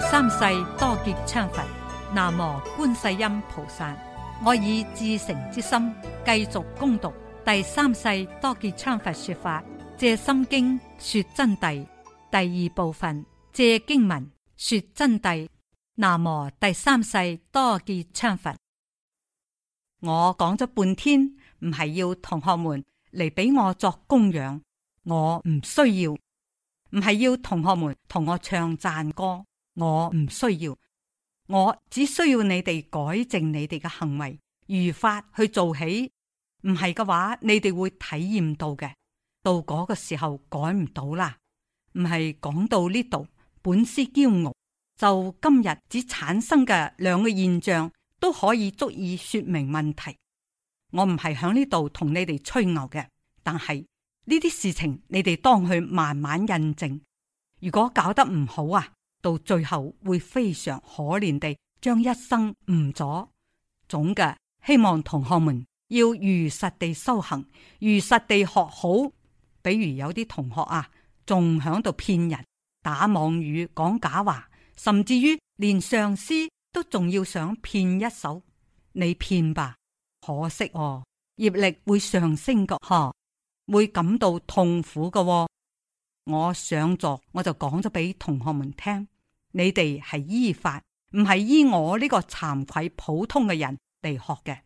第三世多杰羌佛，南無觀世音菩薩。我以至誠之心繼續攻讀第三世多杰羌佛說法，藉心經說真諦第二部分，藉經文說真諦。南無第三世多杰羌佛。我講咗半天，唔係要同學們嚟俾我作供養，我唔需要；唔係要同學們同我唱讚歌。我唔需要，我只需要你哋改正你哋嘅行為，如法去做起。唔係嘅話，你哋會體驗到嘅。到嗰個時候改唔到啦。唔係講到呢度，本師驕傲就今日只產生嘅兩個現象都可以足以說明問題。我唔係響呢度同你哋吹牛嘅，但係呢啲事情你哋當去慢慢印證。如果搞得唔好啊，到最後會非常可憐地將一生誤咗。總嘅希望，同學們要如實地修行，如實地學好。比如有啲同學啊，仲響度騙人，打妄語，講假話，甚至於連上司都仲要想騙一手，你騙吧。可惜哦，業力會上升，㗎嗬，會感到痛苦嘅哦。我上座，我就講咗俾同學們聽，你哋係依法，唔係依我呢個慚愧普通嘅人嚟學嘅。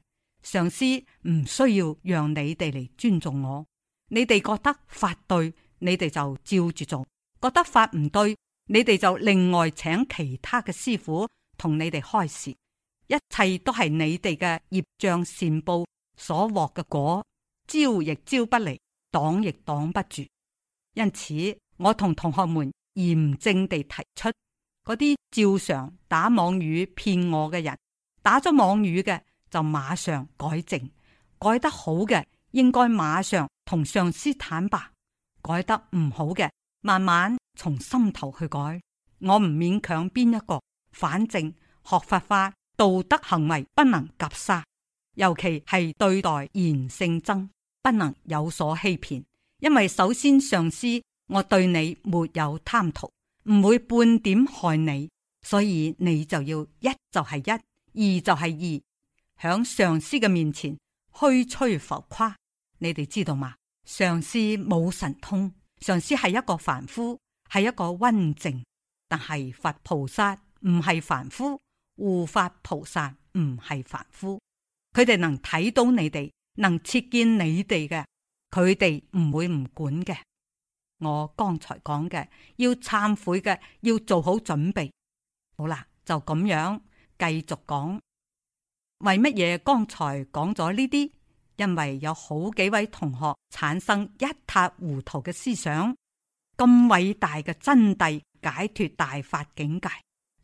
上司唔需要讓你哋嚟尊重我，你哋覺得法對，你哋就照住做；覺得法唔對，你哋就另外請其他嘅師傅同你哋開示。一切都係你哋嘅業障善報所獲嘅果，招亦招不嚟，擋亦擋不住。因此，我同同學們嚴正地提出：嗰啲照常打妄語騙我嘅人，打咗妄語嘅就馬上改正；改得好嘅，應該馬上同上司坦白；改得唔好嘅，慢慢從心頭去改。我唔勉強邊一個，反正學法化道德行為不能夾沙，尤其係對待言性真，不能有所欺騙。因為首先上司我對你沒有貪圖，唔會半點害你，所以你就要一就係一，二就係二，響上司嘅面前虛吹浮誇，你哋知道嗎？上司冇神通，上司係一個凡夫，係一個溫靜，但係佛菩薩唔係凡夫，護法菩薩唔係凡夫，佢哋能睇到你哋，能切見你哋嘅。佢哋唔會唔管嘅。我剛才講嘅要懺悔嘅，要做好準備。好啦，就咁樣繼續講。為乜嘢剛才講咗呢啲？因為有好幾位同學產生一塌糊塗嘅思想。咁偉大嘅真諦解脱大法境界，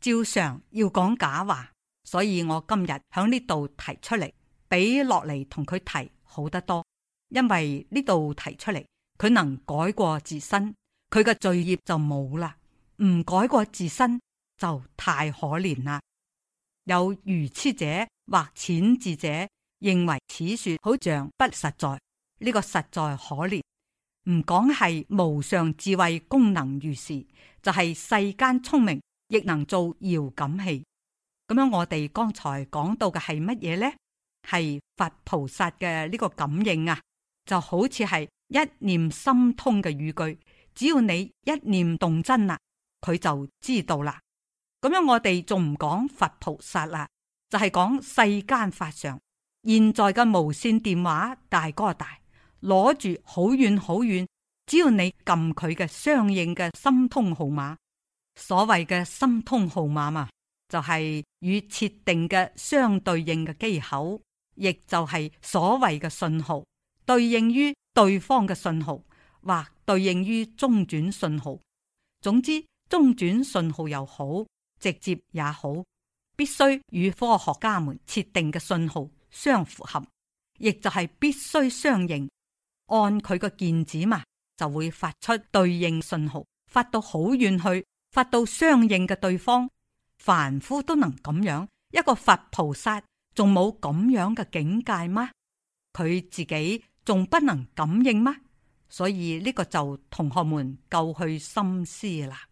照常要講假話，所以我今日喺呢度提出嚟，比落嚟同佢提好得多。因為呢度提出嚟，佢能改過自身，佢嘅罪孽就冇啦。唔改過自身就太可憐啦。有愚痴者或淺智者認為此說好像不實在，呢、呢個實在可憐。唔講係無上智慧功能如是，就係、是、世間聰明亦能做遙感器。咁樣我哋剛才講到嘅係乜嘢呢？係佛菩薩嘅呢個感應啊！就好似係一念心通嘅語句，只要你一念動真啦，佢就知道啦。咁樣我哋仲唔講佛菩薩啦，就係講世間法上，現在嘅無線電話大哥大，攞住好遠好遠，只要你撳佢嘅相應嘅心通號碼，所謂嘅心通號碼嘛，就係與設定嘅相對應嘅機口，亦就係所謂嘅信號。對應於對方嘅信號，或對應於中轉信號。總之，中轉信號又好，直接也好，必須與科學家們設定嘅信號相符合，亦就係必須相應。按佢個鍵指嘛，就會發出對應信號，發到好遠去，發到相應嘅對方。凡夫都能咁樣，一個佛菩薩仲冇咁樣嘅境界嗎？佢自己。仲不能感應嗎？所以呢、這個就同學們夠去心思啦。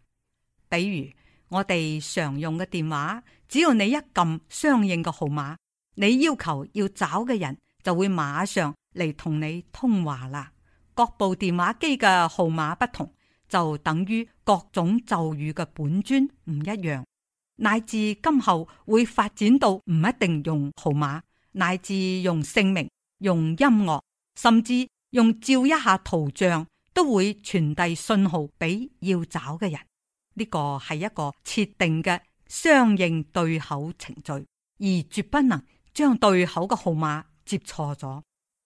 比如我哋常用嘅電話，只要你一撳相應嘅號碼，你要求要找嘅人就會馬上嚟同你通話啦。各部電話機嘅號碼不同，就等於各種咒語嘅本尊唔一樣，乃至今後會發展到唔一定用號碼，乃至用姓名、用音樂。甚至用照一下圖像都會傳遞信號俾要找嘅人。呢、這個係一個設定嘅相應對口程序，而絕不能將對口嘅號碼接錯咗。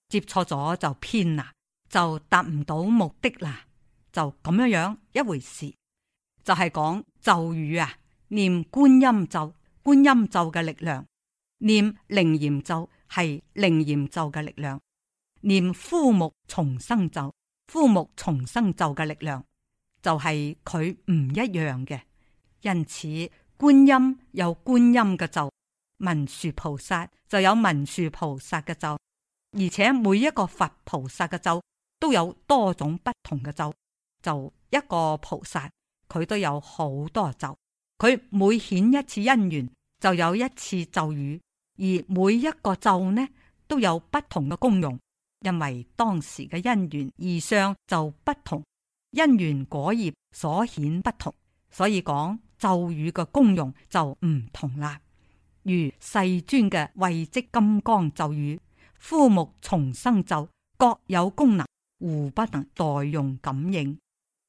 接錯咗就偏啦，就達唔到目的啦。就咁樣樣一回事，就係、是、講咒語啊，念觀音咒，觀音咒嘅力量；念楞嚴咒係楞嚴咒嘅力量。念枯木重生咒，枯木重生咒嘅力量就係佢唔一樣嘅。因此，觀音有觀音嘅咒，文殊菩薩就有文殊菩薩嘅咒。而且每一個佛菩薩嘅咒都有多種不同嘅咒，就一個菩薩佢都有好多咒。佢每顯一次因緣就有一次咒語，而每一個咒呢都有不同嘅功用。因為當時嘅因緣異相就不同，因緣果業所顯不同，所以講咒語嘅功用就唔同啦。如世尊嘅慧積金剛咒語、枯木重生咒各有功能，互不能代用感應。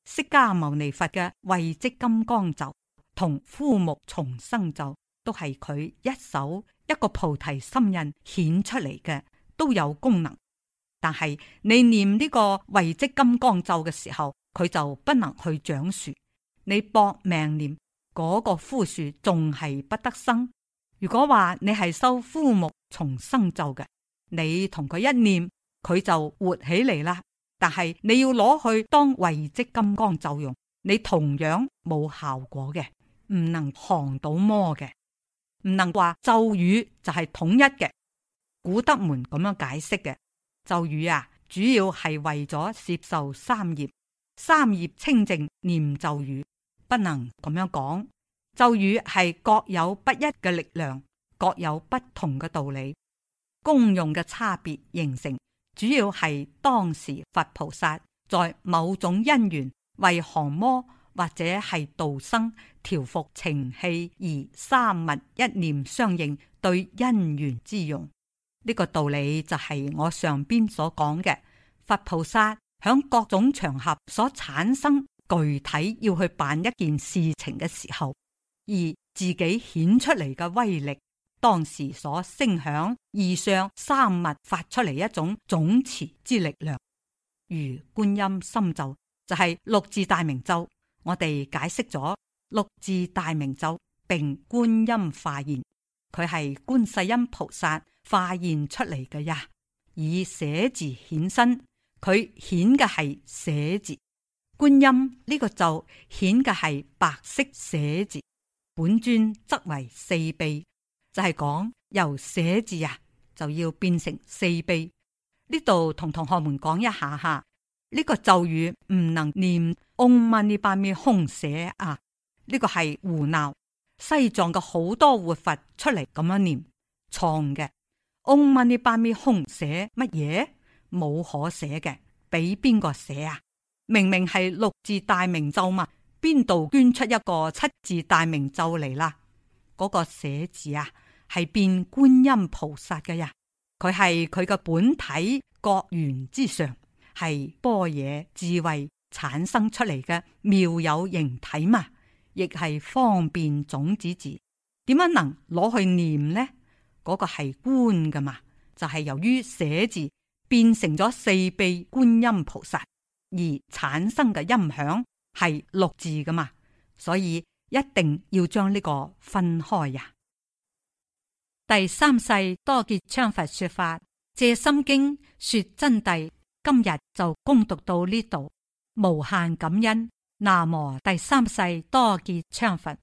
釋迦牟尼佛嘅慧積金剛咒同枯木重生咒都係佢一手一個菩提心印顯出嚟嘅，都有功能。但係你念呢個遺跡金剛咒嘅時候，佢就不能去長樹。你搏命念嗰、那個枯樹仲係不得生。如果話你係修枯木重生咒嘅，你同佢一念，佢就活起嚟啦。但係你要攞去當遺跡金剛咒用，你同樣冇效果嘅，唔能降到魔嘅，唔能話咒語就係統一嘅。古德門咁樣解釋嘅。咒語啊，主要係為咗攝受三業，三業清淨念咒語，不能咁樣講。咒語係各有不一嘅力量，各有不同嘅道理，功用嘅差別形成，主要係當時佛菩薩在某種因緣為降魔或者係度生調伏情氣，而三密一念相應對因緣之用。呢個道理就係我上邊所講嘅。佛菩薩響各種場合所產生具體要去辦一件事情嘅時候，而自己顯出嚟嘅威力，當時所聲響二相三物發出嚟一種總持之力量，如觀音心咒就係、是、六字大明咒。我哋解釋咗六字大明咒，並觀音化言，佢係觀世音菩薩。化現出嚟嘅呀，以寫字顯身，佢顯嘅係寫字觀音呢、這個咒顯嘅係白色寫字，本尊則為四臂，就係、是、講由寫字啊就要變成四臂。呢度同同學們講一下下，呢、這個咒語唔、嗯、能念唵、嗯、嘛呢叭咪吽寫啊，呢、這個係胡鬧。西藏嘅好多活佛出嚟咁樣念藏嘅。嗡嘛呢叭咪吽寫乜嘢？冇可寫嘅，俾邊個寫啊？明明係六字大明咒嘛，邊度捐出一個七字大明咒嚟啦？嗰、那個寫字啊，係變觀音菩薩嘅呀。佢係佢嘅本體覺元之上，係般若智慧產生出嚟嘅妙有形體嘛，亦係方便種子字，點樣能攞去念呢？嗰個係觀噶嘛，就係、是、由於寫字變成咗四臂觀音菩薩而產生嘅音響係六字噶嘛，所以一定要將呢個分開呀。第三世多杰羌佛說法，借心經說真諦，今日就恭讀到呢度，無限感恩。那麼第三世多杰羌佛。